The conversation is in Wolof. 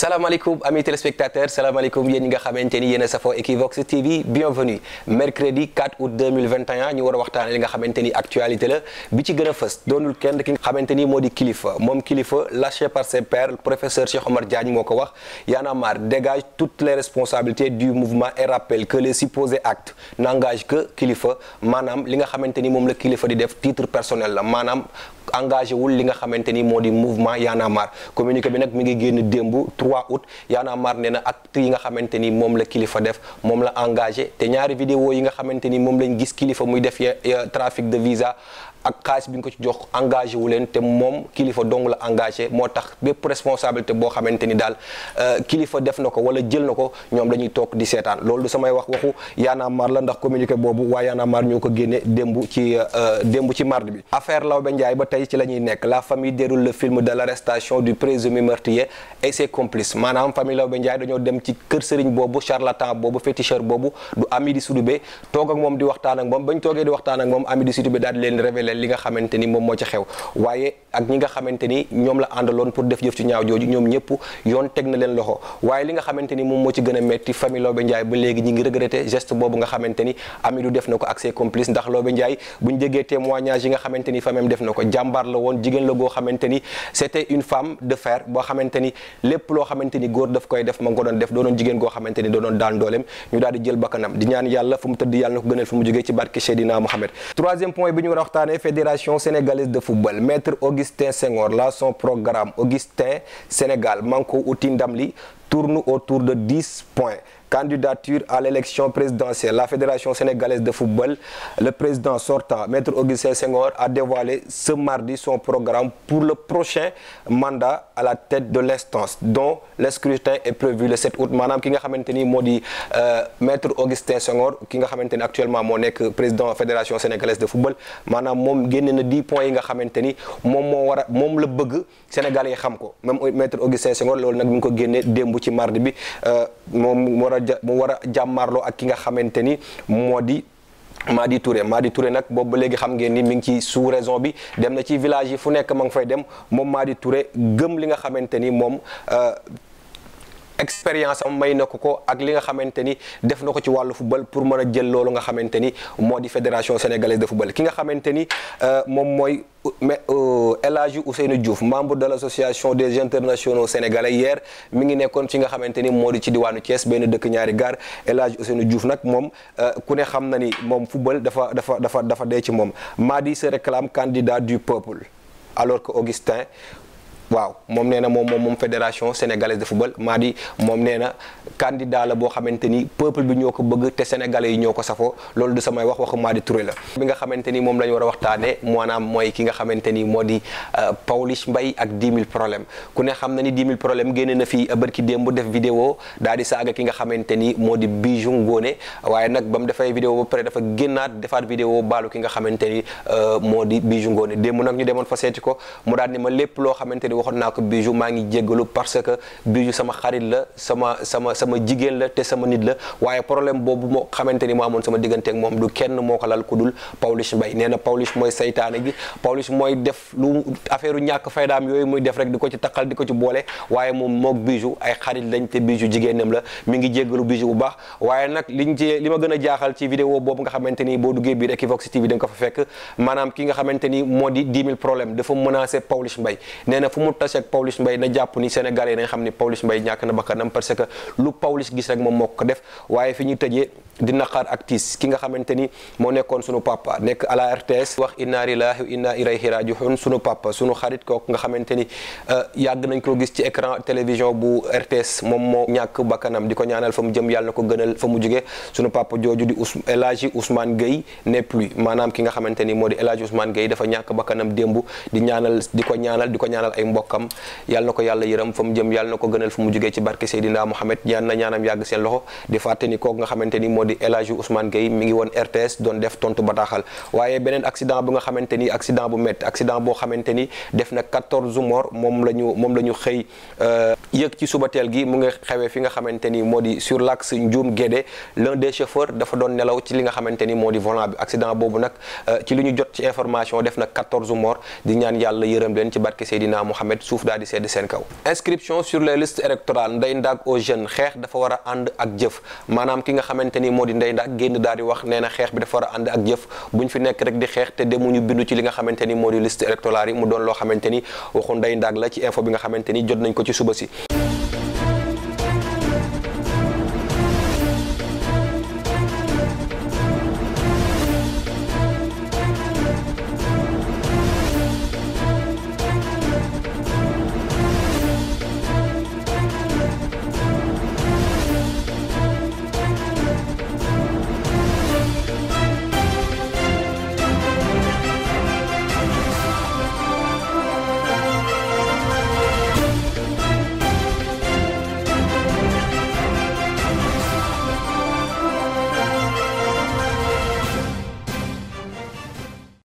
salaamaaleykum amis téléspectateurs salaamaaleykum yéen ñi nga xamante ni yéen a safoo Equivox TV bienvenue mercredi 4 août war a waxtaanee li nga xamante ni actualité la bi ci gën a fës doonul kenn ki nga xamante ni moo di kilifa moom kilifa lâché par ses pairs professeur Cheikh Omar Diagne moo ko wax Y'en a marre dégage toutes les responsabilités du mouvement et rappelle que les supposés actes n'engagent que kilifa maanaam li nga xamante ni moom la kilifa di def titre personnel la maanaam engagé wul li nga xamante ni moo di mouvement Y'en a marre communiqué nag mi ngi génn démb 3 août Y'en a marre nee na acte yi nga xamante ni moom la kilifa def moom la engagé te ñaari vidéo yi nga xamante ni moom lañ gis kilifa muy def trafic de visa ak xaalis bi nga ko ci jox engagé wu leen te moom kilifa dong la engage moo tax bépp responsabilité boo xamante ni daal euh, kilifa def na ko wala jël na ko ñoom dañuy toog di seetaan loolu du samay wax waxu Y'en a marre la ndax communiqué boobu waaye Y'en a ñoo ko génne démb ci euh, euh, démb ci mardi bi. affaire Lawbe Ndiaye ba tey ci la ñuy nekk la famille déroule le film de l'arrestation du présumé meurtrier et ses complices maanaam famille Lawbe Ndiaye dañoo dem ci kër sëriñ boobu leen li nga xamante ni moom moo ci xew waaye ak ñi nga xamante ñoom la àndaloon pour def jëf ci ñaaw jooju ñoom ñëpp yoon teg leen loxo waaye li nga xamante moom moo ci gën a metti famille Lobé Ndiaye ba léegi ñi ngi regretté na ko ak ses complices ndax Lobé Ndiaye bu ñu déggee témoignage yi nga xamante ni famille def na ko jàmbaar la woon jigéen la goo xamante ni une femme de fer boo xamante lépp loo xamante ni góor koy def ma ngi ko doon def doonoon jigéen goo xamante ni doonoon daan dooleem ñu daal di ñu war Fédération sénégalaise de football maître Augustin Senghor la son programme Augustin Sénégal man uti ndam li tourne autour de 10 points. Candidature à l'élection présidentielle. La Fédération sénégalaise de football, le président sortant, Maître Augustin Senghor, a dévoilé ce mardi son programme pour le prochain mandat à la tête de l'instance, dont le scrutin est prévu le 7 août. maanaam ki nga xamante ni moo di euh, Maître Augustin Senghor ki nga xamante ni actuellement moo nekk président Fédération sénégalaise de football maanaam moom génne na 10 points yi nga xamante ni moom moo war moom la bëgg Sénégal yi xam ko même Maître Augustin Senghor loolu nag mi ko génne démb ci mardi bi euh, moom mu war a mu war a jàmmaarloo ak ki nga xamante ni moo di Madi Touré Madi Touré nag boobu ba léegi xam ngeen ni mi ngi ci sous raison bi dem na ci village yi fu nekk ma ngi fay dem moom Madi ture gëm li nga xamante ni moom euh, expérience am may na ko ko ak li nga xamante ni def na ko ci wàllu football pour mën a jël loolu nga xamante ni moo di fédération sénégalaise de football ki nga xamante ni euh, moom mooy mais euh, El Hadji Diouf membre de l' association des internationaux sénégalais hier mi ngi nekkoon ci nga xamante ni moo di ci diwaanu Thiès benn dëkk ñaari gaar El Hadji Ousseynou Diouf nag moom euh, ku ne xam na ni moom football dafa dafa dafa dafa dee ci moom Madi se réclame candidat du peuple alors que Augustin waaw moom nee na moom moom moom fédération sénégalaise de football maa di moom nee na candidat la boo xamante ni peuple bi ñoo ko bëgg te sénégalais yi ñoo ko safoo loolu du samay wax waxu maa di Touré la. bi nga xamante ni moom la ñu war a waxtaanee maanaam mooy ki nga xamante ni moo di euh, Pawlish Mbaye ak 10 000 problèmes ku ne xam na ni 10 000 problèmes génne na fi euh, barki démb def vidéo daal di saaga ki nga xamante ni moo di Bijou Ngoné waaye nag ba mu defay vidéo ba pare dafa génnaat defaat vidéo baalu ki nga xamante ni euh, moo di Bijou Ngoné démb nag ñu demoon fa seeti ko mu daal ni ma lépp loo xamante waxoon naa ko bijou maa ngi jéggalu que sama xarit la sama sama sama jigéen la te sama nit la waaye problème boobu moo xamante ni moo amoon sama diggante ak moom du kenn moo ko lal ku dul Pawlish Mbaye nee na Pawlish mooy saytaane gi Pawlish mooy def lu affaire u ñàkk faydaam yooyu muy def rek di ko ci takkal di ko ci boole waaye moom moog bijou ay lañ te bijou la mi ngi jéggalu bijou bu baax waaye nag liñ ci li ma gën a jaaxal ci vidéo boobu nga xamante ni boo duggee biir Equivox TV da nga ko fa fekk maanaam ki nga xamante ni moo di 10 000 problème dafa menacé Pawlish Mbaye nee na fu mu mu taseeg Pawlish Mbaye na jàpp ni Sénégalais yi nga xam ni Pawlish Mbaye ñàkk na bakkanam parce que lu Pawlish gis rek moom moo ko def waaye fi ñu tëjee di naqar ak tiis ki nga xamante moo nekkoon sunu papa nekk à la RTS wax inna lillahi wa inna ilayhi raji'un sunu papa sunu xarit kooku nga xamante ni euh, yàgg nañ koo gis ci écran télévision bu RTS moom moo ñàkk bakkanam di ko ñaanal fa mu jëm yàlla na ko gënal fa mu jugee sunu papa jooju di Ous El Hadji Ousmane Gueye n'est plus maanaam ki nga xamante ni moo di El Hadji Ousmane dafa ñàkk bakkanam démb di mbokkam yàlla na ko yàlla yërëm fa mu jëm yàlla na ko gënal fu mu jugee ci barke Seydina Mohamed ñaan na la ñu moom la euh, ni moo di sur l'axe Ndioum Guédé l'un des chauffeurs euh, ñaan yàlla yërëm leen ci barke Seydina Mohamed Mohamed suuf daal di sedd seen kaw inscription sur les listes électorales Ndeye Ndack aux xeex dafa war a ànd ak jëf maanaam ki nga xamante ni moo di Ndeye Ndack génn daal di wax nee na xeex bi dafa war a ànd ak jëf ñu fi nekk rek di xeex te demuñu bindu ci li nga xamante ni moo di liste électorale yi mu doon loo xamante ni waxu Ndeye Ndack la ci info bi nga xamante ni jot nañ ko ci suba si